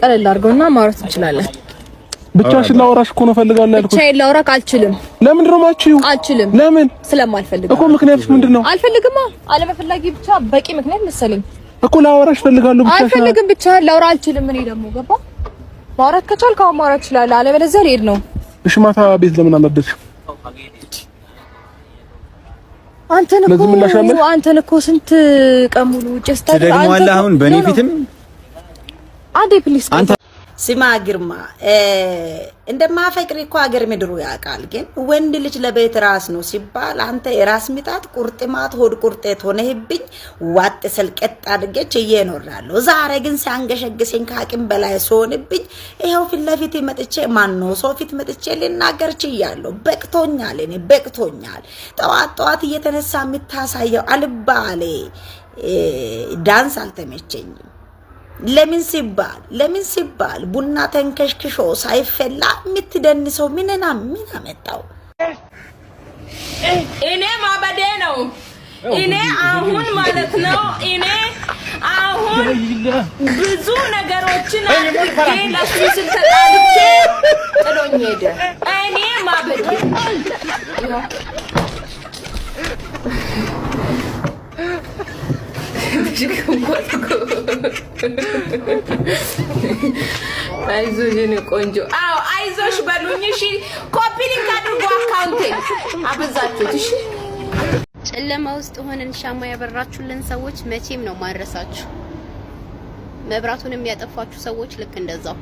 ቀለል አድርገውና ማውራት እንችላለን። ብቻሽን ላወራሽ እኮ ነው ፈልጋለሁ ያልኩት። ብቻዬን ላወራክ አልችልም። ለምን ድሮማችሁ አልችልም። ለምን? ስለማልፈልግ እኮ። ምክንያትሽ ምንድን ነው? አልፈልግማ። አለመፈላጊ ብቻ በቂ ምክንያት መሰለኝ እኮ። ላወራሽ ፈልጋለሁ። ብቻ አልፈልግም። ብቻ ላወራ አልችልም። እኔ ደግሞ ገባ። ማውራት ከቻልክ አሁን ማውራት እችላለሁ፣ አለበለዚያ ልሄድ ነው። እሺ፣ ማታ ቤት ለምን አልነበርሽ? አንተን እኮ አንተን እኮ ስንት ቀን ሙሉ ጭስ ታድያ። አንተ አሁን በእኔ ፊትም አዴ ፕሊስ አንተ ስማ ግርማ፣ እንደማፈቅር እኮ ሀገር ምድሩ ያውቃል። ግን ወንድ ልጅ ለቤት ራስ ነው ሲባል አንተ የራስ ቁርጥማት፣ ሆድ ቁርጤት ሆነህብኝ ዋጥ ሰልቀጥ እየኖራለሁ። ዛሬ ግን ከአቅም በላይ ሲሆንብኝ ይኸው ፊት ለፊት መጥቼ ማነው ሰው ፊት መጥቼ ልናገር ችያለሁ። በቅቶኛል፣ እኔ በቅቶኛል። ጠዋት ጠዋት እየተነሳ የምታሳየው አልባሌ ዳንስ አልተመቸኝም። ለምን ሲባል ለምን ሲባል ቡና ተንከሽክሾ ሳይፈላ የምትደንሰው ምንና ምን አመጣው? እኔ ማበዴ ነው። እኔ አሁን ማለት ነው እኔ አሁን ብዙ ነገሮችን አድርጌ ለሱ ስል ተጣልቼ ጥሎኝ ሄደ። እኔ ማበዴ ጭቅም ቆጥቁ አይዞሽ የእኔ ቆንጆ። አዎ አይዞሽ በሉኝ። እሺ ኮፒ ሊንክ አድርጎ አካውንቴ አበዛችሁት። እሺ ጨለማ ውስጥ ሆነን ሻማ ያበራችሁልን ሰዎች መቼም ነው ማድረሳችሁ። መብራቱን የሚያጠፋችሁ ሰዎች ልክ እንደዛው